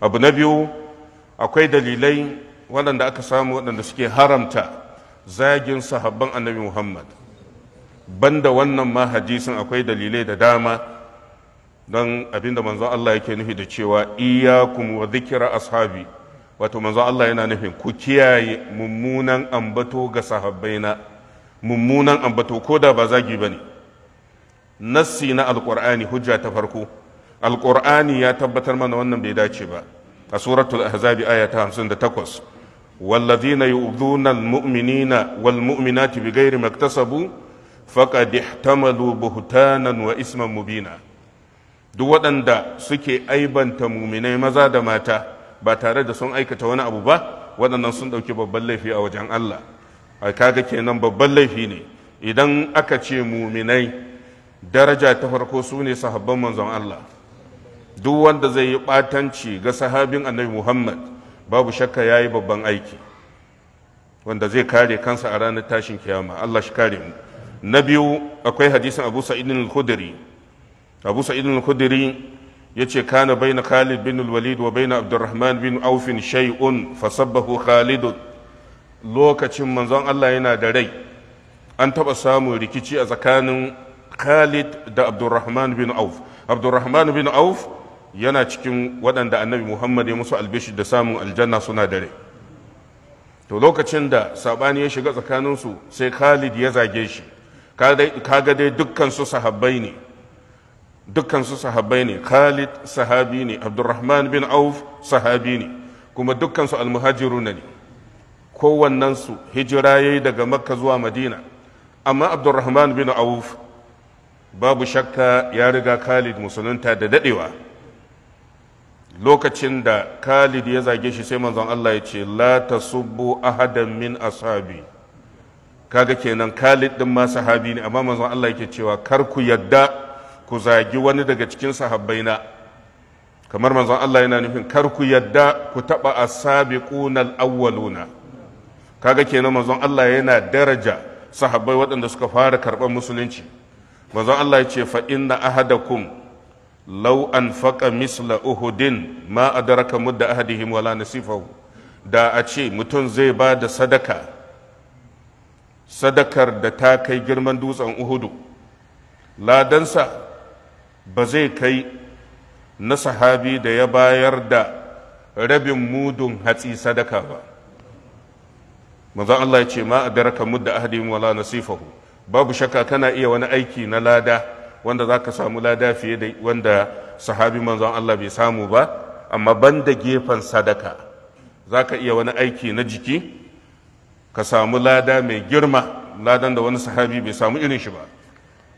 abu na biyu akwai dalilai waɗanda aka samu waɗanda suke haramta zagin sahabban annabi muhammad banda wannan ma hadisin akwai dalilai da dama don abinda manzo Allah yake nufi da cewa iyakum wa zikira ashabi wato manzo Allah yana nufin ku kiyaye mummunan ambato ga sahabbaina mummunan ambato ko da ba zagi ba ne. nassi na Alƙur'ani hujja ta farko alƙur'ani ya tabbatar mana wannan bai dace ba a suratul ahzabi aya ta 58 والذين يؤذون المؤمنين والمؤمنات بغير maktasabu اكتسبوا فقد احتملوا wa isman mubi'na duk waɗanda suke aibanta muminai maza da mata ba tare da sun aikata wani abu ba waɗannan sun ɗauki babban laifi a wajen Allah kaga kenan babban laifi ne idan aka ce muminai daraja ta farko su ne sahabban manzon Allah duk wanda zai yi ɓatanci ga sahabin annabi muhammad babu shakka ya yi babban aiki wanda zai kare kansa a ranar tashin kiyama allah shi kare mu na biyu akwai hadisin abu sa'idin al-khudri abu sa'idin al-khudri ya ce kana baina khalid bin walid wa baina abdurrahman bin aufin shay'un fasabbahu khalid lokacin manzon allah yana da rai an taba samun rikici a tsakanin khalid da abdurrahman bin auf abdurrahman bin auf yana cikin waɗanda annabi muhammad ya musu albishir da samun aljanna suna dare to lokacin da saɓani ya shiga tsakaninsu sai khalid ya zage shi kaga dai dukkansu sahabbai ne dukkansu sahabbai ne khalid sahabi ne abdurrahman bin auf sahabi ne kuma dukkansu almuhajiruna ne kowannensu hijira ya yi daga makka zuwa madina amma abdurrahman bin auf babu shakka ya riga khalid musulunta da daɗewa. lokacin da khalid ya zage shi sai manzon Allah ya ce la tasubbu ahadan min ashabi kaga kenan khalid din ma sahabi ne amma manzon Allah yake cewa kar ku yadda ku zagi wani daga cikin sahabbaina kamar manzon Allah yana nufin kar ku yadda ku taba as awwaluna kaga kenan manzon Allah yana daraja sahabbai waɗanda suka fara karɓar musulunci manzon Allah ya ce fa inna ahadakum an faka misla uhudin ma adraka mudda ahadihim wala nasifahu da a ce mutum zai ba da sadaka sadakar da ta kai girman dutsen uhudu ladansa ba zai kai na sahabi da ya bayar da rabin mudun hatsi sadaka ba manzon Allah ya ce ma adraka mudda ahadihim wala nasifahu babu shakka kana iya wani aiki na lada wanda za ka samu lada fiye da wanda sahabi manzon Allah bai samu ba amma banda gefen sadaka za ka iya wani aiki na jiki ka samu lada mai girma ladan da wani sahabi bai samu irin shi ba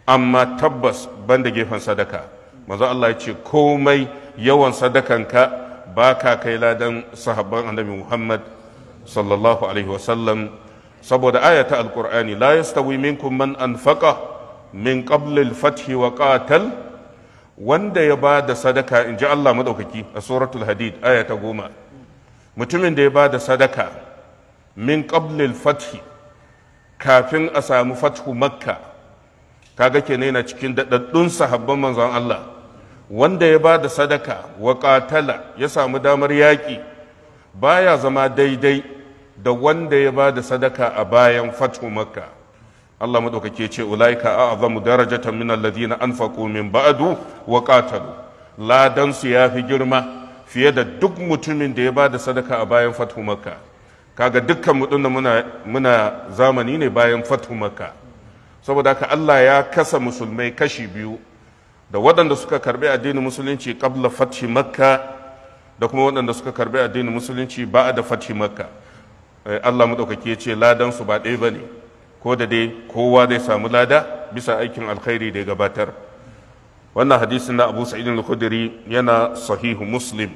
amma tabbas banda gefen sadaka manzon Allah ya ce komai yawan sadakanka ba ka kai ladan sahabban annabi Muhammad sallallahu alaihi wasallam saboda ayata alqur'ani la yastawi minkum man anfaqa min qablil fathi wa qatal wanda ya ba da sadaka in ji Allah maɗaukaki a suratul hadid aya ta goma mutumin da ya ba da sadaka min qablil fathi kafin a samu fathu makka kaga kenan na cikin daɗaɗɗun sahabban manzon Allah wanda ya ba da sadaka wa ƙatala ya samu damar yaƙi baya zama daidai da wanda ya ba da sadaka a bayan fathu makka Allah madaukake ce ulaika a'zamu darajatan min alladhina anfaqu min ba'du wa qatalu ladan su ya fi girma fiye da duk mutumin da ya bada sadaka a bayan fathu makka kaga dukkan mutum muna muna zamani ne bayan fathu makka saboda haka Allah ya kasa musulmai kashi biyu da waɗanda suka karbi addinin musulunci qabla fathi makka da kuma waɗanda suka karbi addinin musulunci ba'da da fathi makka eh, Allah madaukake ya ce ladan su ba ɗaya ba ko da dai kowa zai samu lada bisa aikin alkhairi da ya gabatar wannan hadisin na abu sa'idin al yana sahihu muslim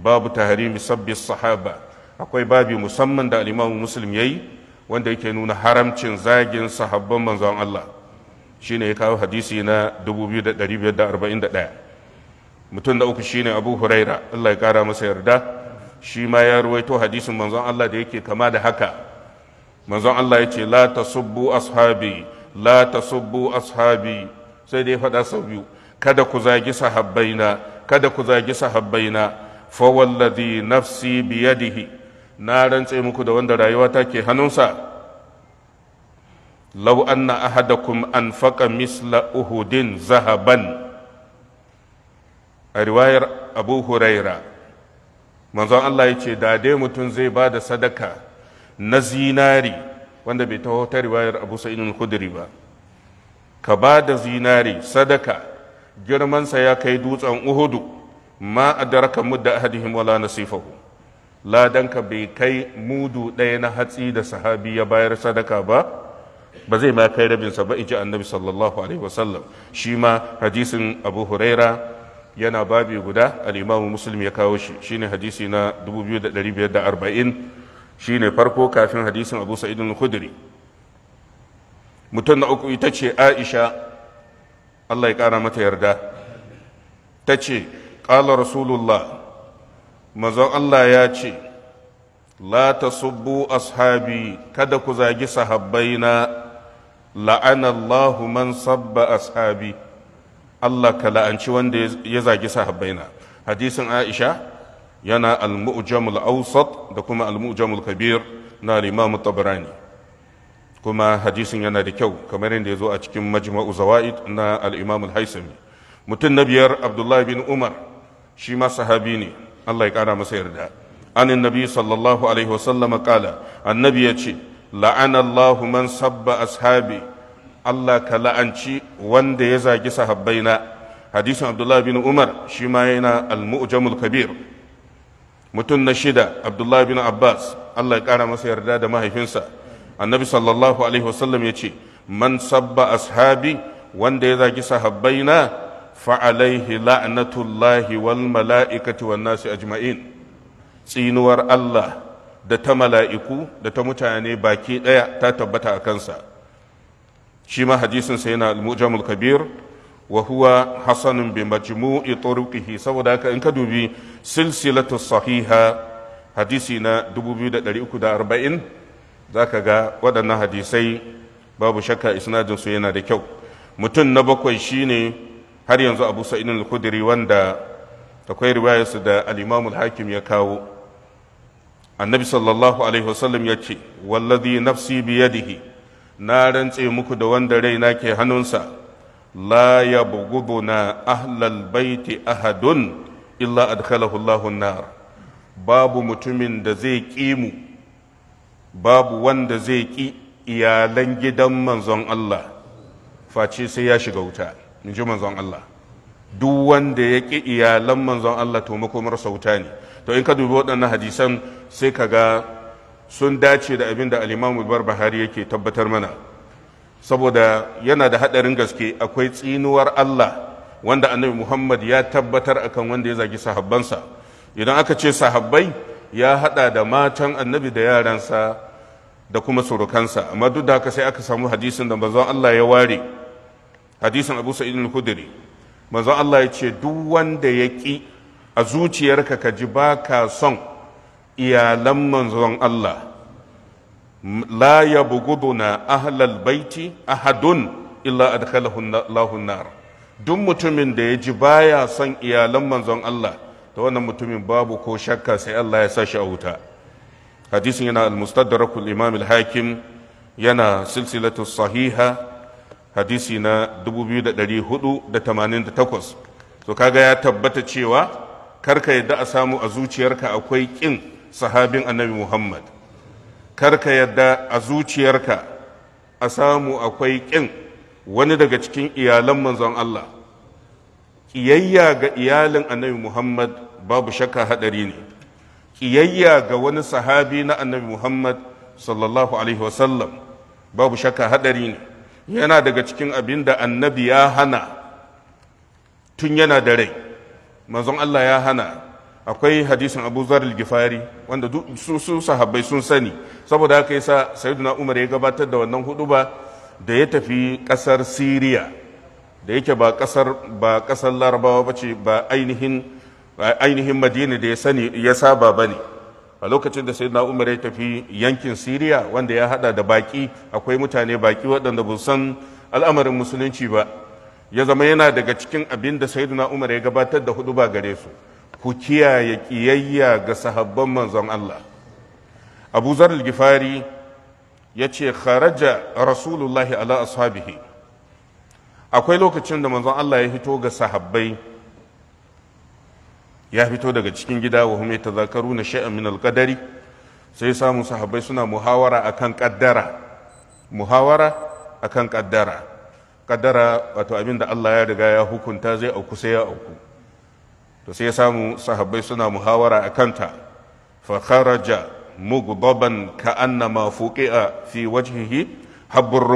babu tahari sabbi sahaba akwai babi musamman da al-imamu muslim yayi wanda yake nuna haramcin zagin sahabban manzon Allah shine ya kawo hadisi na 2541 mutum da uku shine abu huraira Allah ya kara masa yarda shi ma ya ruwaito hadisin manzon Allah da yake kama da haka manzon Allah ya ce la tasubbu ashabi la tasubbu ashabi sai dai faɗa sau biyu kada ku zagi sahabbaina kada ku zagi sahabbaina fa wallazi nafsi biyadihi na rantse muku da wanda rayuwata ke hannunsa law anna ahadakum anfaqa misla uhudin zahaban a riwayar abu huraira manzon Allah ya ce da dai mutum zai ba da sadaka na zinari wanda bai taho ta riwayar abu sa'idun kuduri ba ka ba da zinari sadaka girmansa ya kai dutsen uhudu ma a daraka mudda ahadihim wala nasifahu ladanka bai kai mudu ɗaya na hatsi da sahabi ya bayar sadaka ba ba zai ma kai rabinsa ba inji annabi sallallahu alaihi wasallam shi ma hadisin abu huraira yana babi guda al'imamu muslim ya kawo shi shine hadisi na 2540 shine farko kafin hadisin abu sa'id al-khudri mutum na uku ita ce aisha allah ya kara mata yarda ta ce ƙala rasulullah mazan allah ya ce la ta subbu ashabi kada ku zagi sahabaina. la'anallahu man sabba ashabi allah ka la'anci wanda ya zagi sahabbaina hadisin aisha yana al-mu'jamul awsat da kuma al-mu'jamul kabir na al-imam tabarani kuma hadisin yana da kyau kamar yadda ya zo a cikin majma'u zawaid na al-imam al-haisami mutum na biyar abdullahi bin umar shi ma sahabi ne Allah ya kara masa yarda an annabi sallallahu alaihi wasallam kala annabi ya ce la'ana Allah man sabba ashabi Allah ka la'anci wanda ya zagi sahabbaina hadisin abdullahi bin umar shi ma yana al-mu'jamul kabir mutum na shida abdullahi bin abbas allah ya kara masa yarda da mahaifinsa annabi sallallahu alaihi wasallam ya ce man sabba ashabi wanda ya zagi sahabbaina na alaihi la'natullahi wal mala'ikati wan nasi ajma'in tsinuwar allah da ta mala'iku da ta mutane baki ɗaya ta tabbata a kansa shi ma sa yana al-mujamul kabir wa huwa hasanun bi majmu'i turuqihi saboda haka in ka dubi silsilatu sahiha hadisi na 2340 zaka ga waɗannan hadisai babu shakka isnadin su yana da kyau mutum na bakwai shine har yanzu Abu Sa'id al Kudiri wanda akwai riwayarsu da al hakim ya kawo annabi sallallahu alaihi wasallam ya ce wallazi nafsi biyadihi na rantse muku da wanda raina ke hannunsa la yabghuduna ahlal baiti ahadun illa adkhalahu Allahu nar babu mutumin da zai kimu babu wanda zai ki iyalan gidan manzon Allah face sai ya shiga wuta in ji manzon Allah duk wanda ya ki iyalan manzon Allah to makomarsa wuta ne to in ka dubi waɗannan hadisan sai ka ga sun dace da abin da alimamu barbahari yake tabbatar mana saboda yana da haɗarin gaske akwai tsinuwar Allah wanda annabi muhammad ya tabbatar akan wanda ya zagi sahabbansa idan aka ce sahabbai ya hada da matan annabi da yaransa da kuma surukansa amma duk da haka sai aka samu hadisin da manzon Allah ya ware hadisin Abu Sa'id al-Khudri manzon Allah ya ce duk wanda ya ki a zuciyarka ka ji baka son iyalan manzon Allah la yabghuduna ahlal baiti ahadun illa adkhalahu Allahu nar duk mutumin da ya ji baya son iyalan manzon Allah Ta wannan mutumin babu ko shakka sai Allah ya sa shi a wuta hadisin yana al-mustadrakul imam al-hakim yana silsilatu sahiha hadisi na 2488 so kaga ya tabbata cewa karka yadda a samu a zuciyarka akwai kin sahabin annabi Muhammad karka yadda a zuciyarka a samu akwai kin wani daga cikin iyalan manzon Allah ƙiyayya ga iyalin annabi Muhammad babu shakka haɗari ne ƙiyayya ga wani sahabi na annabi Muhammad sallallahu alaihi wasallam babu shakka haɗari ne yana daga cikin abinda annabi ya hana tun yana da rai manzon Allah ya hana akwai hadisin abu zarar gifari wanda su sahabbai sun sani saboda haka yasa sayyiduna umar ya gabatar da wannan huduba ba da ya tafi ƙasar siriya da yake ba ƙasar ba ƙasar larabawa ba ce ba ainihin ainihin madina da ya sani ya saba ba ne a lokacin da sayyidina umar ya tafi yankin siriya wanda ya hada da baki akwai mutane baki waɗanda ba san al'amarin musulunci ba ya zama yana daga cikin abin da sayyidina umar ya gabatar da hudu ba gare su ku kiyaye kiyayya ga sahabban manzon allah abu zar gifari ya ce kharaja rasulullahi ala ashabihi akwai lokacin da manzon Allah ya fito ga sahabbai ya fito daga cikin gida wa hume ta zakaru na sha'an min alƙadari sai samun sahabbai suna muhawara akan ƙaddara muhawara akan ƙaddara ƙaddara wato abin da Allah ya riga ya hukunta zai auku sai ya auku to sai samu sahabbai suna muhawara akan ta fa kharaja mugbaban ka annama fuqi'a fi wajhihi habbur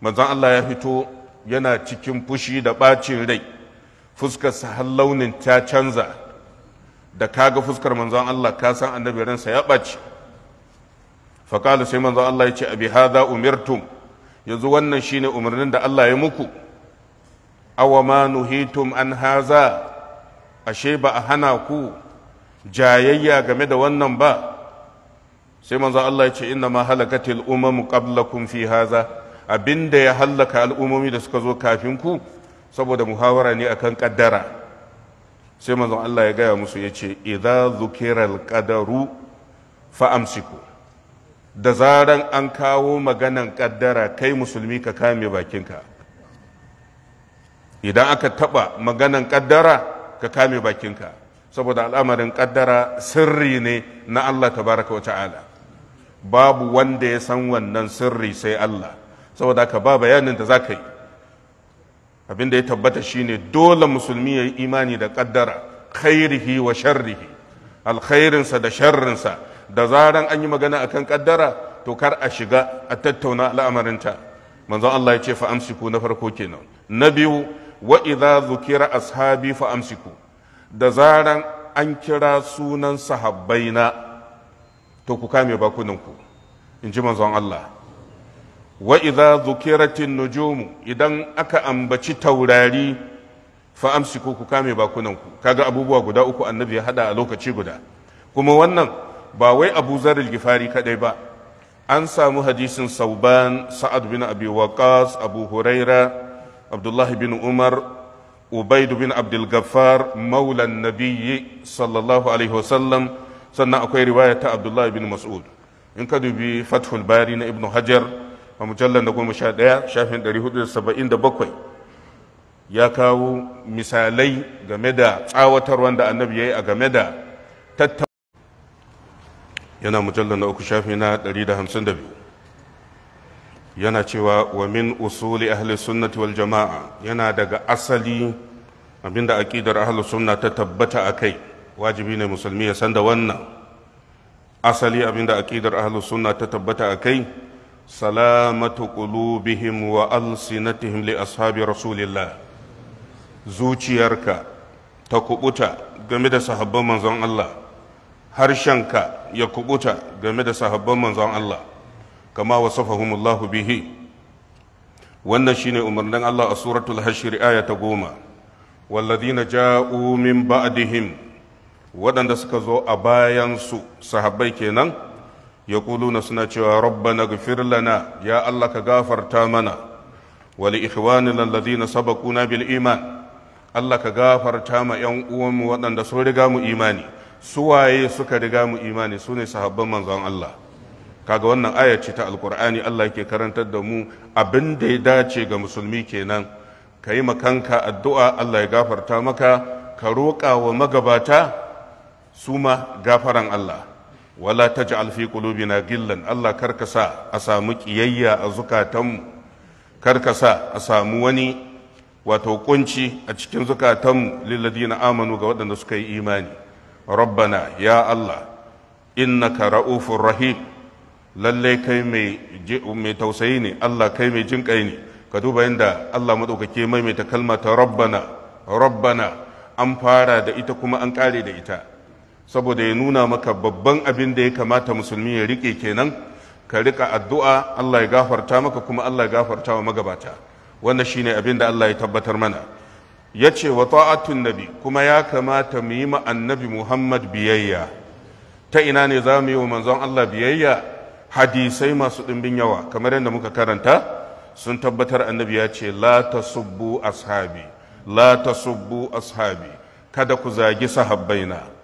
manzon Allah ya fito yana cikin fushi da ɓacin rai Fuskar launin ta canza da kaga fuskar manzon Allah ka san annabi ransa ya ɓaci faƙala sai manzon Allah ya ce abi hadha umirtum yanzu wannan shine umarnin da Allah ya muku awa ma nuhitum an haza ashe ba a hana ku jayayya game da wannan ba sai manzo Allah ya ce inna ma halakatil umamu qablakum fi haza abinda ya halaka al'umomi da suka zo kafin ku saboda muhawara ne akan kaddara sai manzon Allah ya gaya musu ya ce idza zukiral qadaru fa amsiku da zaran an kawo maganan kaddara kai musulmi ka kame bakinka idan aka taba maganan kaddara ka kame bakinka saboda al'amarin kaddara sirri ne na Allah tabaraka wa ta'ala babu wanda ya san wannan sirri sai Allah saboda haka ba bayanin da za ka yi abin da ya tabbata shine dole musulmi ya yi imani da kaddara khairihi wa sharrihi alkhairinsa da sharrinsa da zaran an yi magana akan kaddara to kar a shiga a tattauna al'amarinta manzon Allah ya ce fa amsiku na farko kenan na biyu wa idza zukira ashabi fa amsiku da zaran an kira sunan sahabbaina to ku kame bakunanku in ji manzon Allah wa idza dhukiratin nujumu idan aka ambaci taurari fa amsiku ku kame bakunanku kaga abubuwa guda uku annabi ya hada a lokaci guda kuma wannan ba wai Abu Zar gifari kadai ba an samu hadisin Sauban Sa'ad bin Abi Waqqas Abu Huraira Abdullah bin Umar Ubaid bin Abdul Ghaffar maula nabiyyi sallallahu alaihi wasallam sannan akwai riwaya ta abdullahi bin mas'ud in ka dubi fathul bari na ibnu hajar a mujallar da goma sha ɗaya shafin ɗari hudu da saba'in da bakwai ya kawo misalai game da tsawatar wanda annabi ya yi a game da tattauna yana mujallar na uku shafi na ɗari da hamsin da biyu yana cewa wa min usuli ahli sunnati wal jama'a yana daga asali abinda aƙidar ahli sunna ta tabbata a kai wajibi ne musulmi ya san da wannan asali abinda aqidar ahlus sunna ta tabbata akai salamatu qulubihim wa alsinatihim li ashabi rasulillah zuciyarka ta kubuta game da sahabban manzon Allah harshenka ya kubuta game da sahabban manzon Allah kama wasafahumullahu bihi wannan shine umarnin Allah a suratul hashr aya ta goma والذين جاءوا من بعدهم waɗanda suka zo a bayansu sahabbai kenan ya na suna cewa rabbana gafir lana ya Allah ka gafarta mana wali ikhwanina alladhina sabaquna bil iman Allah ka gafarta ma 'yan uwanmu waɗanda sun riga mu imani suwaye suka riga mu imani sune sahabban manzon Allah kaga wannan ayaci ta alkur'ani Allah ke karantar da mu abin da ya dace ga musulmi kenan ka yi makanka addu'a Allah ya gafarta maka ka roƙa wa magabata suma gafaran Allah wala alfi fi na gillan Allah karkasa a samu kiyayya a zukatanmu karkasa a samu wani wato kunci a cikin zukatanmu lilladina amanu ga waɗanda suka yi imani rabbana ya Allah innaka ra'ufur rahim lalle kai mai tausayi ne Allah kai mai jin ne ka duba yadda Allah madaukake maimaita kalma ta rabbana rabbana an fara da ita kuma an kare da ita saboda ya nuna maka babban abin da ya kamata musulmi ya rike kenan ka rika addu'a Allah ya gafarta maka kuma Allah ya gafarta wa magabata wannan shine abin da Allah ya tabbatar mana ya ce wa ta'atun nabi kuma ya kamata mu yi ma annabi Muhammad biyayya ta ina ne za mu yi wa manzon Allah biyayya hadisai masu ɗimbin yawa kamar yadda muka karanta sun tabbatar annabi ya ce la tasubbu ashabi la tasubbu ashabi kada ku zagi sahabbaina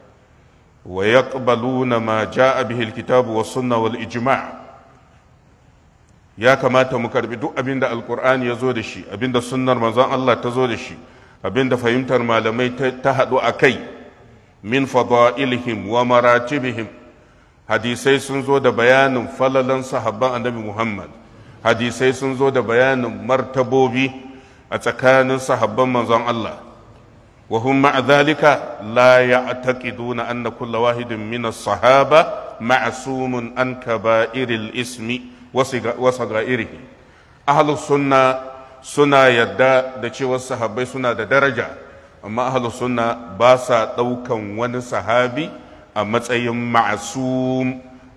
wa yaqbaluna ma ja'a bihi alkitabu was sunna wal ijma' ya kamata mu karbi duk abinda alqur'ani ya zo da shi abinda sunnar manzon Allah ta zo da shi abinda fahimtar malamai ta haɗu a kai min fadailihim wa maratibihim hadisai sun zo da bayanin falalan sahabban annabi Muhammad hadisai sun zo da bayanin martabobi a tsakanin sahabban manzon Allah wa hum ma'a dhalika la ya'taqiduna anna kulla wahidin min as-sahaba ma'sumun an kaba'iril ismi wa ga ahlus sunna suna yadda da cewa sahabbai suna da daraja amma ahlus sunna ba sa daukan wani sahabi a matsayin ma'sum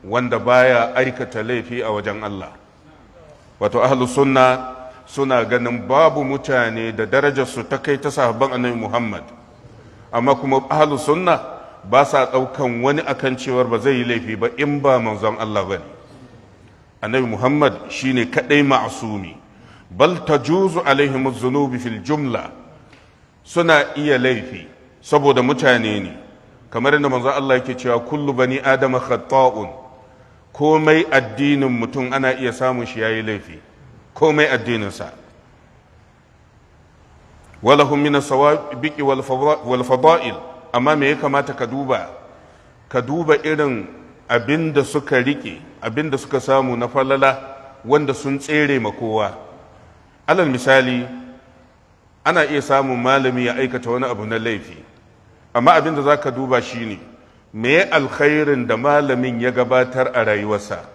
wanda baya aikata laifi a wajen Allah wato ahlus suna ganin babu mutane da darajarsu ta kai ta sahabban annabi Muhammad amma kuma ahlus sunna ba sa ɗaukan wani akan cewar ba zai yi laifi ba in ba manzon Allah bane annabi Muhammad shine kadai ma'sumi bal tajuzu alaihim adh-dhunubi fil jumla suna iya laifi saboda mutane ne kamar yadda manzon Allah yake cewa kullu bani adama khata'un komai addinin mutum ana iya samun shi yayi laifi komai addininsa walahum min sawa biki wal amma me ya kamata ka duba ka duba irin abinda suka rike abinda suka samu na falala wanda sun tsere ma kowa alal misali ana iya samun malami ya aikata wani abu na laifi amma abinda ka duba shi ne me alkhairin da malamin ya gabatar a rayuwarsa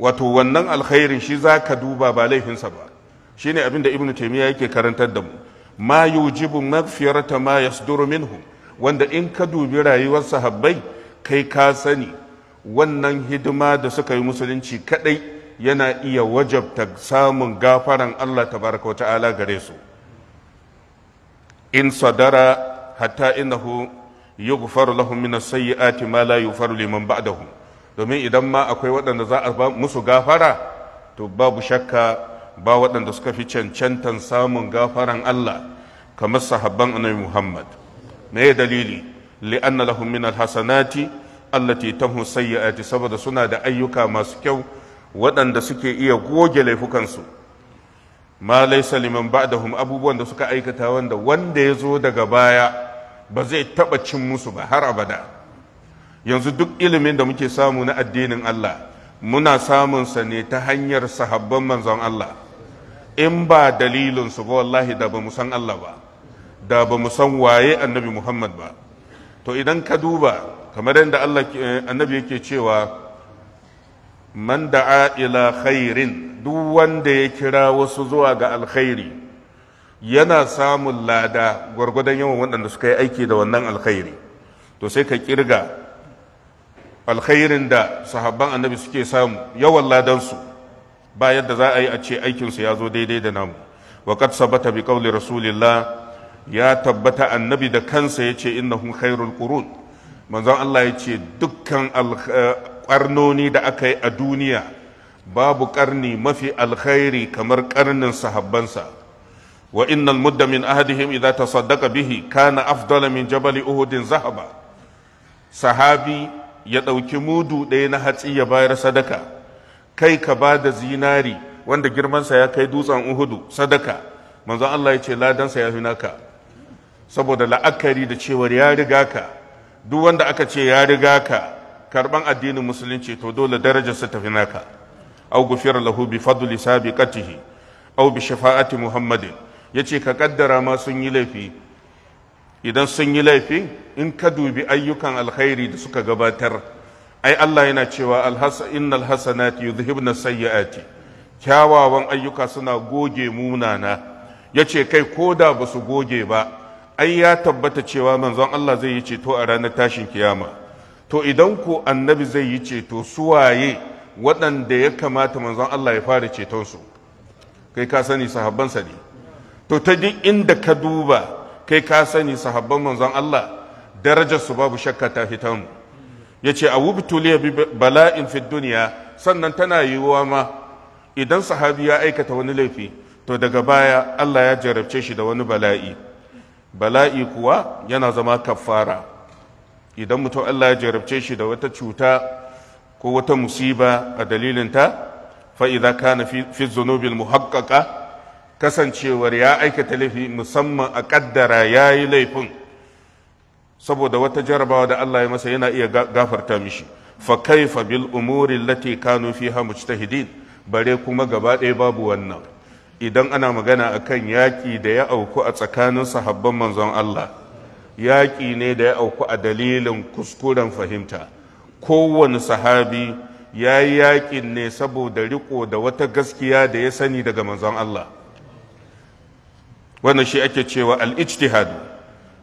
wato wannan alkhairin shi za ka duba ba laifinsa ba shine abin da ibnu taimiyya yake karantar da mu ma yujibu maghfirata ma yasduru minhu wanda in ka dubi rayuwar sahabbai kai ka sani wannan hidima da suka yi musulunci kadai yana iya wajabta samun gafaran Allah tabaraka wa ta'ala gare su in sadara hatta innahu yughfaru lahum min as-sayyi'ati ma la yughfaru liman ba'dahum domin idan ma akwai waɗanda za a musu gafara to babu shakka ba waɗanda suka fi cancantan samun gafaran Allah kamar sahabban annabi Muhammad me dalili li'anna lahum min alhasanati allati tamhu sayyi'ati saboda suna da ayyuka masu kyau waɗanda suke iya goge laifukansu ma laysa liman ba'dahum abubuwan da suka aikata wanda wanda ya zo daga baya ba zai taɓa cin musu ba har abada yanzu duk ilimin da muke samu na addinin Allah muna samun sa ne ta hanyar sahabban manzon Allah in ba dalilin su ba wallahi da ba mu san Allah ba da ba mu san waye annabi Muhammad ba to idan ka duba kamar yadda Allah eh, annabi yake cewa man da'a ila khairin duk wanda ya kira wasu zuwa ga alkhairi yana samun lada gwargwadon yawan waɗanda suka yi aiki da wannan alkhairi to sai ka kirga alkhairin da sahabban annabi suke samu yawan ladansu ba yadda za a yi a ce aikinsu ya zo daidai da namu wa ba sabata bi qawli rasulillah ya tabbata annabi da kansa ya ce innahum khairul qurun manzon Allah ya ce dukkan eh, ƙarnoni da aka yi a duniya babu ƙarni mafi alkhairi kamar ƙarnin sahabbansa wa innal mudda min ahadihim idza tasaddaqa bihi kana afdala min jabal uhudin zahaba sahabi ya ɗauki mudu ɗaya na hatsi ya bayar sadaka kai ka ba da zinari wanda girmansa ya kai dutsen uhudu sadaka manzo Allah ya ce ladansa ya fi naka saboda la'akari da cewar ya riga ka duk wanda aka ce ya riga ka karban addinin musulunci to dole darajarsa ta fi naka aw gufir lahu bi fadli sabiqatihi aw bi shafa'ati muhammadin yace ka kaddara ma sun yi laifi idan sun yi laifi in ka dubi ayyukan alkhairi da suka gabatar ai Allah yana cewa innal hasanati yudhibna sayyiati kyawawan ayyuka suna goge munana yace kai koda ba su goge ba ai ya tabbata cewa manzon Allah zai yi ceto a ranar tashin kiyama to idan ko annabi zai yi ceto su waye waɗanda ya kamata manzon Allah ya fara ceton su kai ka sani sa ne to ta duk inda ka duba kai ka sani sahabban manzon Allah darajarsu babu shakka ta fita mu ya ce awubtuliya bi bala'in fi duniya sannan tana yiwuwa ma idan sahabi ya aikata wani laifi to daga baya Allah ya jarabce shi da wani bala'i bala'i kuwa yana zama kafara idan mutum Allah ya jarabce shi da wata cuta ko wata musiba a dalilinta fa'iza kana fi zunubin muhakkaka kasancewar ya aikata laifi musamman a ƙaddara ya yi laifin saboda wata jarabawa da Allah ya masa yana iya gafarta mishi fa kaifa bil umuri allati kanu fiha mujtahidin bare kuma gaba ɗaya babu wannan idan ana magana akan yaƙi da ya auku a tsakanin sahabban manzon Allah yaƙi ne da ya auku a dalilin kuskuren fahimta kowane sahabi ya yi yaƙin ne saboda riko da wata gaskiya da ya sani daga manzon Allah wannan shi ake cewa al-ijtihadu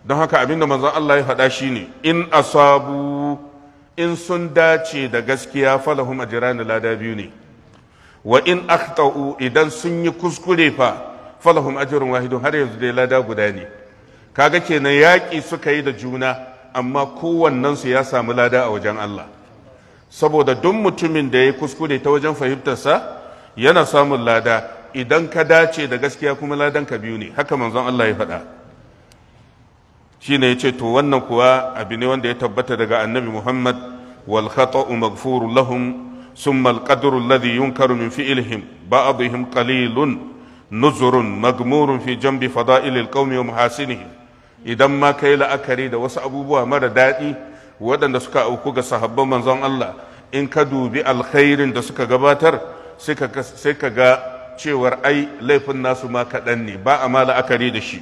don haka abinda manzon Allah ya faɗa shine in asabu in sun dace da gaskiya falahum ajran lada biyu ne wa in akhtau idan sun yi kuskure fa falahum ajrun wahidun har yanzu dai lada guda ne kaga kenan yaƙi suka yi da juna amma su ya samu lada a wajen Allah saboda duk mutumin da ya kuskure ta wajen fahimtarsa yana samun lada idan ka dace da gaskiya kuma ladan ka biyu ne haka manzon Allah ya faɗa shine ce to wannan kuwa abu ne wanda ya tabbata daga annabi Muhammad wal khata'u maghfurun lahum ثم القدر الذي ينكر nuzurun فعلهم بعضهم قليل نزر مغمور في جنب فضائل القوم ومحاسنهم idan ma kai la'akari da wasu abubuwa mara daɗi waɗanda suka auku ga sahabban manzon Allah in ka dubi alkhairin da suka gabatar sai ka ga cewar ai laifin nasu ma kaɗan ne ba a ma la'akari da shi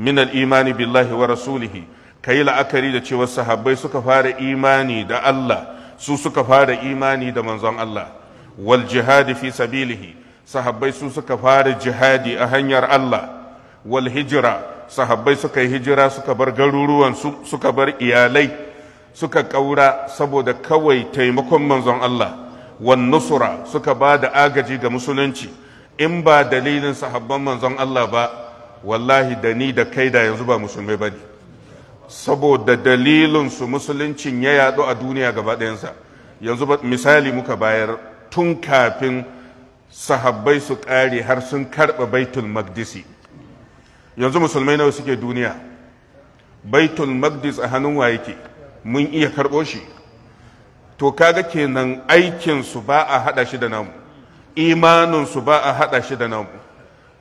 Minal imani billahi wa rasulihi kai la'akari da cewa sahabbai suka fara imani da Allah su suka fara imani da manzon Allah wal jihadi fi sabilihi sahabbai su suka fara jihadi a hanyar Allah wal hijira sahabbai suka yi hijira suka bar garuruwan suka bar iyalai suka ƙaura saboda kawai taimakon manzon Allah wan nusura suka ba da agaji ga musulunci in ba dalilin sahabban manzon Allah ba wallahi da ni da kai da yanzu ba musulmai ba ne saboda dalilinsu musuluncin ya yadu a duniya gaba ɗayansa yanzu misali muka bayar tun kafin sahabbai su ƙare har sun karɓa baitul magdisi yanzu musulmai nawa suke duniya baitul magdis a hannun wa yake mun iya karɓo shi to kaga kenan aikinsu ba a haɗa shi da namu imaninsu ba a haɗa shi da namu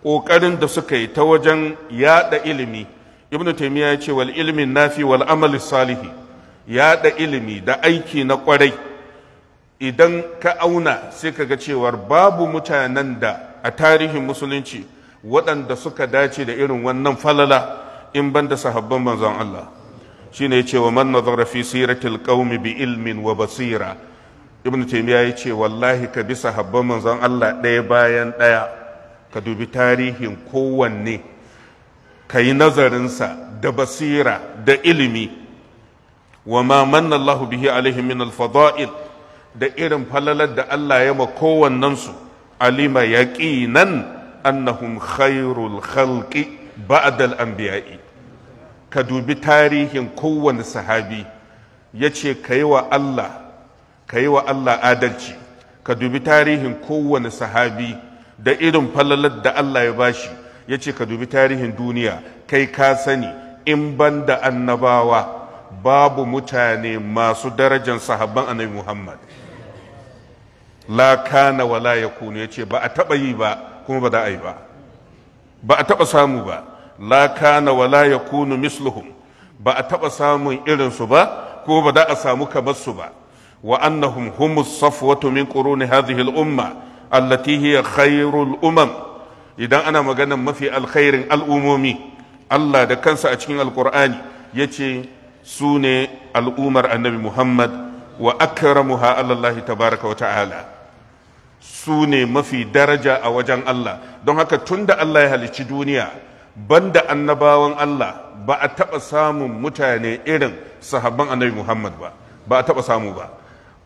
ƙoƙarin da suka yi ta wajen yaɗa ilimi ibnu taimiyya ya ce wal na nafi wal amali salihi yaɗa ilimi da aiki na ƙwarai idan ka auna sai ka ga cewar babu mutanen da a tarihin musulunci waɗanda suka dace da irin wannan falala in ban da sahabban manzon Allah shine ya ce wa man nazara fi siratil qaumi bi ilmin wa basira ibnu taimiyya ya ce wallahi ka bi sahabban manzon Allah ɗaya bayan ɗaya ka dubi tarihin kowanne ka yi nazarinsa da basira da ilimi wa ma manna Allahu bihi alaihi min al-fada'il da irin falalar da Allah ya ma kowannensu alima yaqinan annahum khairul khalqi ba'da al-anbiya'i ka dubi tarihin kowanne sahabi yace kai wa Allah kai wa Allah adalci ka dubi tarihin kowane sahabi da irin falalar da Allah ya bashi ya ce ka dubi tarihin duniya kai ka sani in ban da annabawa babu mutane masu darajar sahabban annabi Muhammad la kana wala yakunu ce ba a taba yi ba kuma ba za a yi ba ba a taba samu ba la kana wala yakunu misluhum ba a taba samun irinsu ba ko ba da a samu kamar su ba wa annahum humus safwatu min quruni hadhihi al-umma allati hiya khairul umam idan ana maganar mafi alkhairin al'umomi Allah da kansa a cikin alkur'ani ya ce su ne al'umar annabi Muhammad wa akramuha alallahi tabaraka wa ta'ala su ne mafi daraja a wajen Allah don haka tunda Allah ya halicci duniya banda annabawan Allah ba'a a taɓa samun mutane irin sahabban annabi Muhammad ba'a ba taɓa samu ba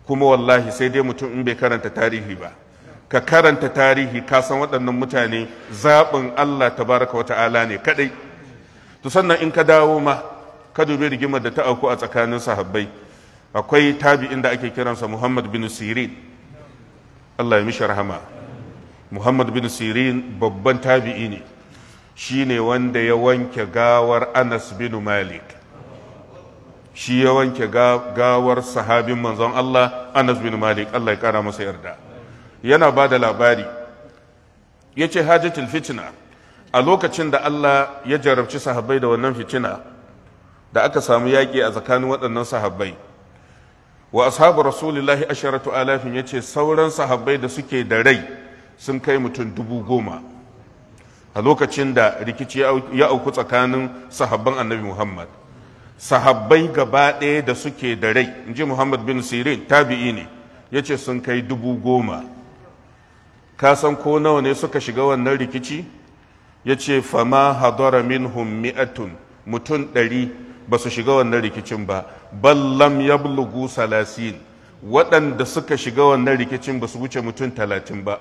kuma walahi sai dai mutum in bai karanta tarihi ba ka karanta tarihi ka san waɗannan mutane zaɓin Allah Ta baraka wa ta'ala ne kaɗai to sannan in ka dawo ma ka dubi rigimar da ta auku a tsakanin sahabbai akwai tabi'in da ake kiransa Muhammad bin Sirin Allah ya mishi rahama Muhammad bin Sirin babban tabi'i ne shi ne wanda ya wanke gawar Anas bin Malik shi ya wanke gawar sahabin manzon Allah Anas bin Malik Allah ya kara masa yarda yana ba da labari ya ce hajjatul fitina a lokacin da Allah ya jarabci sahabbai da wannan fitina da aka samu yaƙi a tsakanin waɗannan sahabbai wa ashabu rasulillahi asharatu alafin ya ce sauran sahabbai da suke da rai sun kai mutum dubu goma a lokacin da rikici ya auku tsakanin sahabban annabi muhammad sahabbai gaba ɗaya da suke da rai in ji muhammad bin sirin tabi'i ne ya ce sun kai dubu goma ka san ko nawa ne suka shiga wannan rikici ya ce fama hadara min mi'atun mutum ɗari ba su shiga wannan rikicin ba ballam ya bulugu salasin waɗanda suka shiga wannan rikicin ba su wuce mutum talatin ba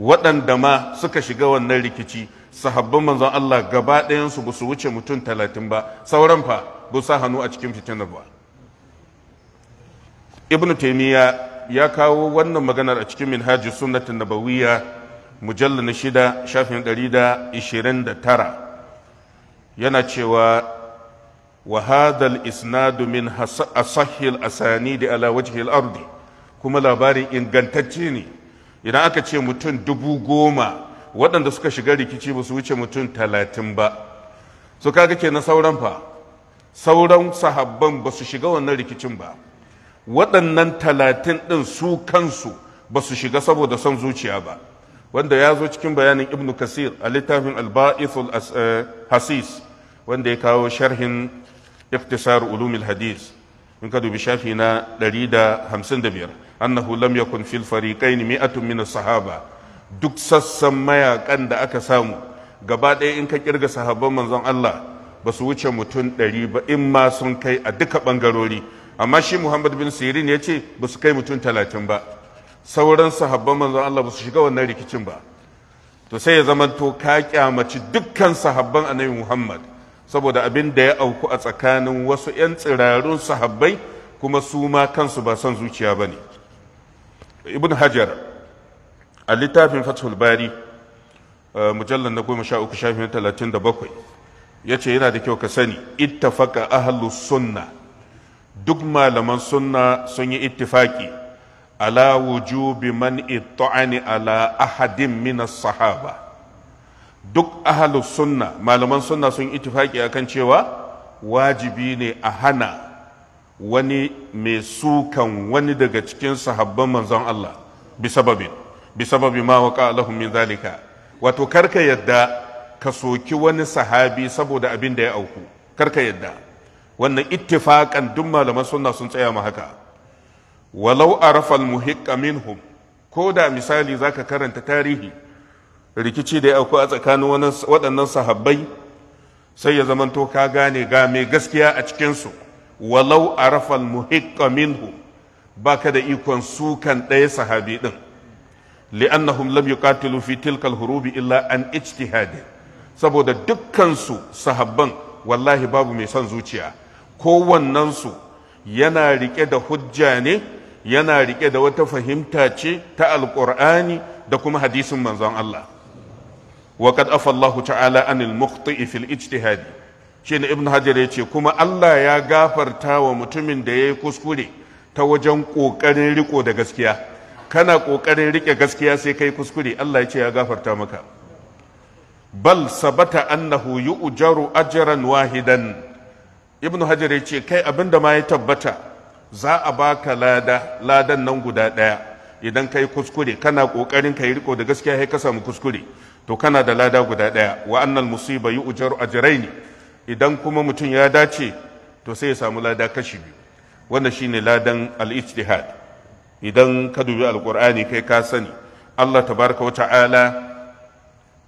waɗanda ma suka shiga wannan rikici sahabban manzon Allah gaba ɗayansu ba su wuce mutum talatin ba sauran fa ba sa hannu a cikin fitinar ba ibnu taimiyya ya kawo wannan maganar a cikin minhajin sunnatin nabawiyya mujalla na shida shafin da da ishirin tara. yana cewa وهذا isnadu min asahil asani da وجه ardi kuma labarin ingantacce ne idan aka ce mutum dubu goma waɗanda suka shiga rikici ba su wuce mutum talatin ba su kaga na sauran fa sauran sahabban ba su shiga wannan rikicin ba waɗannan talatin ɗin su kansu ba su shiga saboda son zuciya ba wanda ya zo cikin bayanin ibnu kasir a littafin alba'ithul eh, hasis wanda ya kawo sharhin iftisar ulumil hadis in ka dubi shafi na 155 annahu lam yakun fil fariqain mi'atun min sahaba duk sassan mayakan da aka samu gaba ɗaya in ka kirga sahabban manzon Allah ba su wuce mutum ɗari ba in ma sun kai a duka ɓangarori amma shi muhammad bin sirin ya ce ba su kai mutum talatin ba sauran sahabban manzon allah ba su shiga wannan rikicin ba to sai ya zamanto ka kyamaci dukkan sahabban annabi muhammad saboda abin da ya auku a tsakanin wasu 'yan tsirarun sahabbai kuma su ma kansu ba son zuciya ba ne ibn hajar a littafin fathul bari uh, mujallar na goma sha uku na talatin da bakwai ya ce yana da kyau ka sani ittafaka ahlus sunna duk malaman sunna sun yi ittifaki ala wujubi man ala ahadin min sahaba duk ahalu sunna malaman sunna sun ittifaki akan cewa wajibi ne a hana wani mai sukan wani daga cikin sahabban manzon Allah bi sababi ma waqa lahum min zalika wato karka yadda ka soki wani sahabi saboda abin da ya auku karka yadda wannan ittifaƙan duk malaman sunna sun tsaya ma haka walau arafal muhiqqa minhum ko da misali zaka karanta tarihi rikici da ya auku a tsakanin waɗannan sahabbai sai ya zamanto ka gane ga mai gaskiya a cikinsu walau arafal muhiqqa minhu baka da ikon sukan ɗaya sahabi ɗin li'annahum lam yuqatilu fi tilkal hurubi illa an ijtihadi saboda dukkansu sahabban wallahi babu mai son zuciya kowannensu yana riƙe da hujja ne yana riƙe da wata fahimta ce ta alƙur'ani da kuma hadisin manzon Allah وقد أفى ta'ala تعالى عن المخطئ Shin Ibn hajar ya ce kuma Allah ya gafarta wa تا da ya yi kuskure ta wajen kokarin riko da gaskiya kana kokarin riƙe gaskiya sai kai kuskure Allah ya ce ya gafarta maka bal sabata annahu yu'jaru ajran wahidan ibn hajar ya ce kai abin da ma ya tabbata za a baka lada ladan nan guda daya idan kai kuskure kana kokarin kai riko da gaskiya sai ka samu kuskure to kana da lada guda daya wa annal musiba yu'jaru ajraini idan kuma mutum ya dace to sai ya samu lada kashi biyu wannan shine ladan al-ijtihad idan ka dubi alqur'ani kai ka sani Allah tabaraka wa ta'ala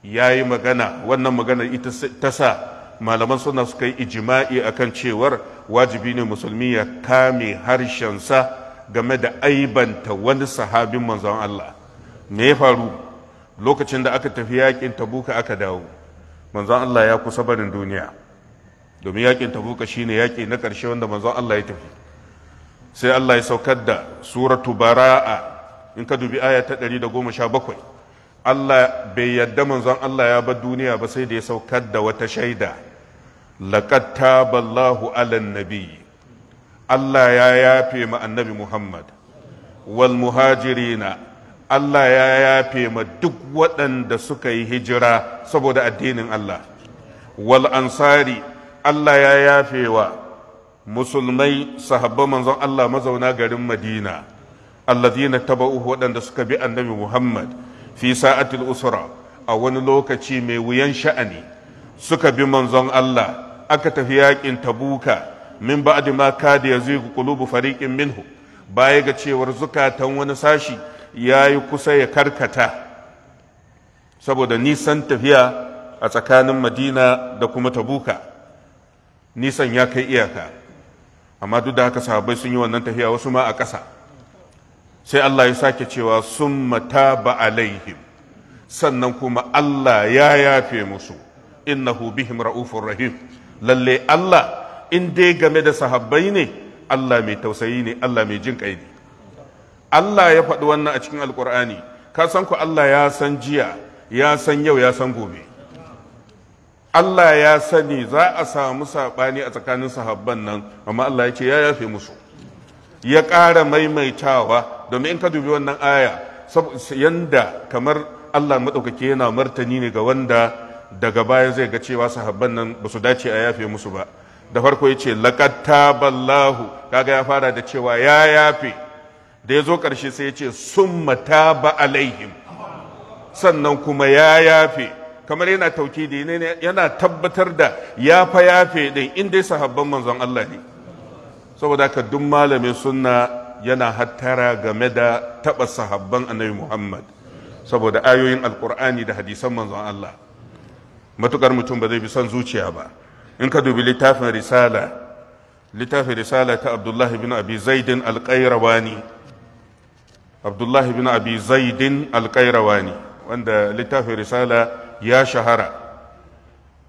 yayi magana wannan magana ita ta sa malaman suna suka yi ijima'i akan cewar wajibi ne musulmi ya kame harshensa game da aibanta wani sahabin manzon Allah me ya faru lokacin da aka tafi yakin tabuka aka dawo manzon Allah ya kusa barin duniya domin yakin tabuka shine yaki na ƙarshe wanda manzon Allah ya tafi sai Allah ya saukar da suratu bara'a in ka dubi aya ta 117 Allah bai yarda manzon Allah ya bar duniya ba sai da ya saukar da wata shaida laqad taballahu alan nabi Allah ya yafe ma annabi Muhammad wal muhajirina Allah ya yafe ma duk waɗanda suka yi hijira saboda addinin Allah wal ansari Allah ya yafe wa musulmai sahabban manzon Allah mazauna garin Madina allazina taba'uhu waɗanda suka bi annabi Muhammad fi sa'atil usra a wani lokaci mai wuyan sha'ani suka bi manzon Allah aka tafi yakin tabuka min ba ma kada yazigu kulubu fariƙin minhu baya ga cewar zukatan wani sashi ya yi kusa ya karkata saboda nisan tafiya a tsakanin Madina da kuma Tabuka nisan ya kai iyaka amma duk da haka sahabbai sun yi wannan tafiya wasu ma a ƙasa sai Allah ya sake cewa sun mata ba alaihim sannan kuma Allah ya yafe musu innahu bihim ra'ufur rahim lalle Allah in dai game da sahabbai ne Allah mai tausayi ne Allah mai jin ne Allah ya faɗi wannan a cikin alkur'ani ka san ku Allah ya san jiya ya san yau ya san gobe Allah ya sani za a samu saɓani a tsakanin sahabban nan amma Allah ya ce ya yafe musu ya ƙara maimaitawa domin in ka dubi wannan aya yanda kamar Allah maɗaukaki yana martani ne ga wanda daga baya zai ga cewa sahabban nan ba su dace a yafe musu ba da farko ya ce laqad ballahu kaga ya fara da cewa ya yafe da ya zo ƙarshe sai ya ce summa ba alaihim sannan kuma ya yafe kamar yana tauki da yana tabbatar da ya fa yafe ɗin in dai sahabban manzon Allah ne saboda haka duk malamin sunna yana hattara game da taɓa sahabban annabi Muhammad saboda ayoyin Alƙur'ani da hadisan manzon Allah matukar mutum ba zai bi son zuciya ba in ka dubi littafin risala littafin risala ta abdullahi bin abi zaidin alƙairawani abdullahi bin abi zaidin alƙairawani wanda littafin risala ya shahara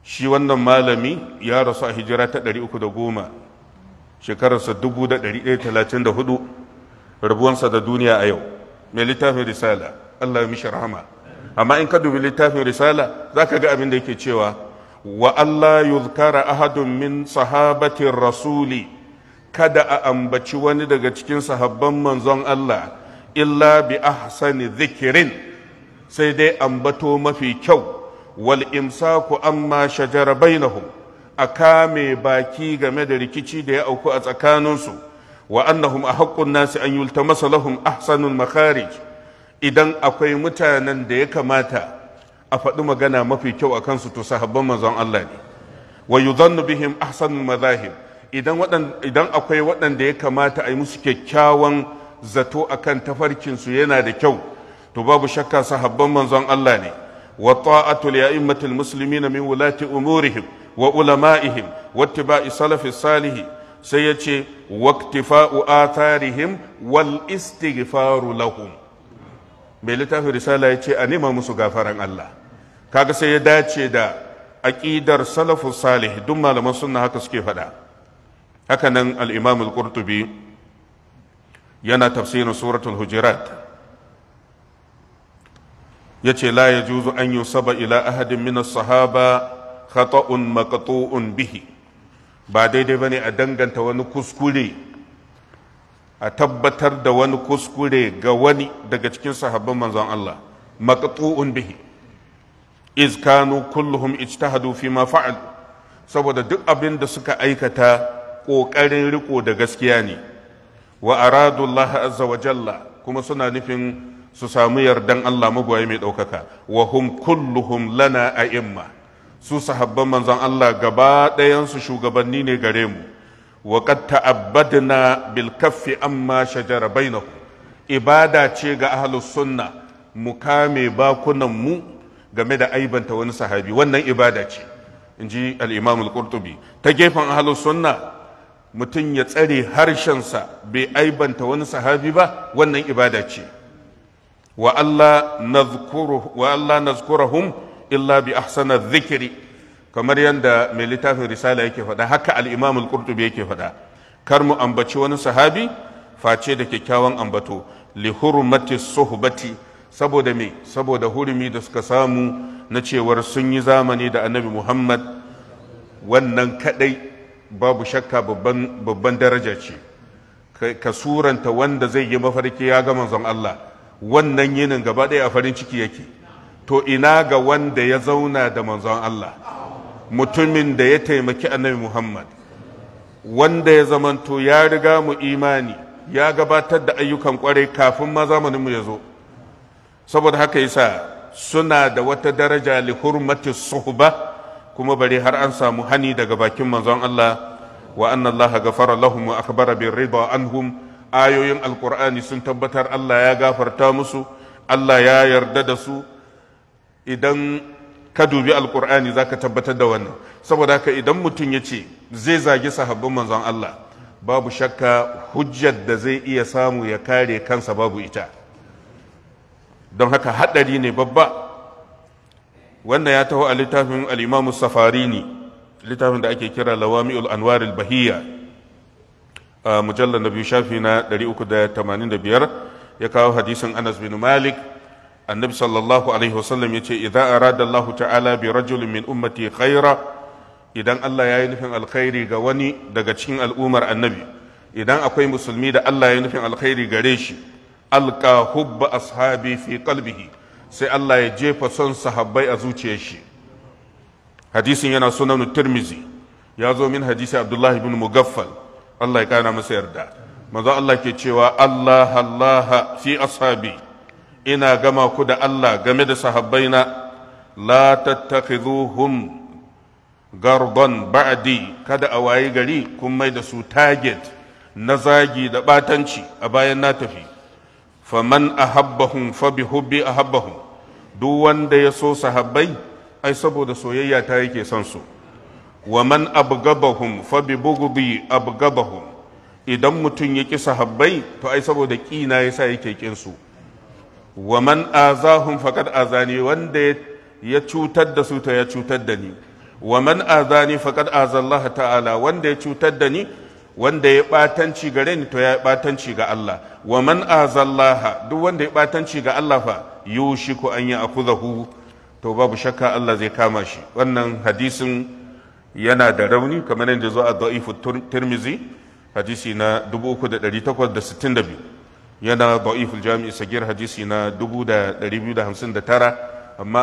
shi wannan malami ya rasu a hijira ta 310 shekararsa 1134 rabuwansa da duniya a yau mai littafin risala allah ya mishi rahama amma in ka dubi littafin risala za ka ga abin da yake cewa wa Allah yuzkara ahadun min sahabatin rasuli kada a ambaci wani daga cikin sahabban manzon Allah illa bi ahsani zikirin sai dai ambato mafi kyau wal imsaku amma shajara bainahum a kame baki game da rikici da ya auku a tsakaninsu wa annahum a haƙƙun nasi an yultamasa lahum ahsanul makharij idan akwai mutanen da ya kamata a faɗi magana mafi kyau a kansu to sahabban manzon Allah ne wa yudhannu bihim ahsanul madahib idan idan akwai waɗanda ya kamata a yi musu kyakkyawan zato akan tafarkin su yana da kyau to babu shakka sahabban manzon Allah ne wa ta'atul musulmi muslimin min wulati umurihim wa ulama'ihim wattiba'i ittiba'i salafis salih sai yace waqtifa'u atharihim wal istighfaru lahum mai littafin risala ya ce a nema musu gafaran Allah kaga sai ya dace da aƙidar salafus salih duk malaman sunna haka suke faɗa haka nan al-imam al-qurtubi yana tafsirin suratul hujurat yace la yajuzu an yusaba ila ahadin min as-sahaba khata'un maqtu'un bihi ba daidai bane a danganta wani kuskure a tabbatar da wani kuskure ga wani daga cikin sahabban manzon Allah maqtu'un bihi iz kanu kulluhum ijtahadu fi ma fa'al saboda duk abin da suka aikata kokarin riko da gaskiya ne wa aradu Allah azza wa jalla kuma suna nufin su samu yardan Allah magwaye mai ɗaukaka wa hum kulluhum lana a'imma su sahabban manzon Allah gaba ɗayansu shugabanni ne gare mu وقد تعبدنا بالكف أما شجر بينهم ibada ce ga ahlus sunna mu kame bakunan mu game da aibanta wani sahabi wannan ibada ce in ji al-imam ta gefen ahlus sunna mutum ya tsare harshensa bai aibanta wani sahabi ba wannan ibada ce wa Allah nazkuruhum illa bi ahsana zikiri. kamar yadda mai littafin risala yake faɗa haka al'imamul imam yake faɗa kar mu ambaci wani sahabi face da kyakkyawan ambato li hurmati suhbati saboda me saboda hurumi da suka samu na cewar sun yi zamani da annabi muhammad wannan kadai babu shakka babban daraja ce ka suranta wanda zai yi mafarki ya ga manzon Allah wannan yinin gaba ɗaya a farin ciki yake to ina ga wanda ya zauna da manzon Allah mutumin da ya taimaki annabi Muhammad wanda ya zamanto ya riga mu imani ya gabatar da ayyukan kwarai kafin ma zamanin ya zo saboda haka yasa suna da wata daraja li hurmati suhba kuma bari har an samu hani daga bakin manzon Allah wa anna Allah ghafara lahum wa akhbara bir rida anhum ayoyin alqur'ani sun tabbatar Allah ya gafarta musu Allah ya yarda da su idan ka dubi alkur'ani zaka tabbatar da wannan saboda haka idan mutum ya ce zai zagi sahabban manzon Allah babu shakka hujjar da zai iya samu ya kare kansa babu ita don haka haɗari ne babba wannan ya taho a littafin al'imamu safarini littafin da ake kira lawami'ul anwaril bahiyya a mujallar na biyu shafi na 385 ya kawo hadisin anas bin malik annabi sallallahu alaihi wasallam ya ce idan arada Allah ta'ala bi rajulin min ummati khaira idan Allah ya yi nufin alkhairi ga wani daga cikin al'ummar annabi idan akwai musulmi da Allah ya yi nufin alkhairi gare shi alqa hubba ashabi fi qalbihi sai Allah ya jefa son sahabbai a zuciyar shi hadisin yana sunan tirmizi ya zo min hadisi abdullah ibn mugaffal Allah ya kana masa yarda manzo Allah ke cewa Allah Allah fi ashabi ina gama ku da Allah game da sahabbaina la tattakhizuhum gardon ba'di kada a wayi gari kun mai da su target na zagi da batanci a bayan na tafi faman ahabbahum fa bi hubbi ahabbahum duk wanda ya so sahabbai ai saboda soyayya ta yake son su waman man abgabahum fa bi bughdi abgabahum idan mutum ya ki sahabbai to ai saboda kina yasa yake kin su wa man azahum faqad azani wanda ya cutar da su ta ya cutar da ni wa man azani faqad azallah ta'ala wanda ya cutar da ni wanda ya batanci gare ni to ya batanci ga Allah wa man azallah duk wanda ya batanci ga Allah fa yushiku an ya akuzahu to babu shakka Allah zai kama shi wannan hadisin yana da rauni kamar yadda zo a da'ifu turmizi. hadisi na 3862 yana da'iful jami'i sagir hadisi na 2259 amma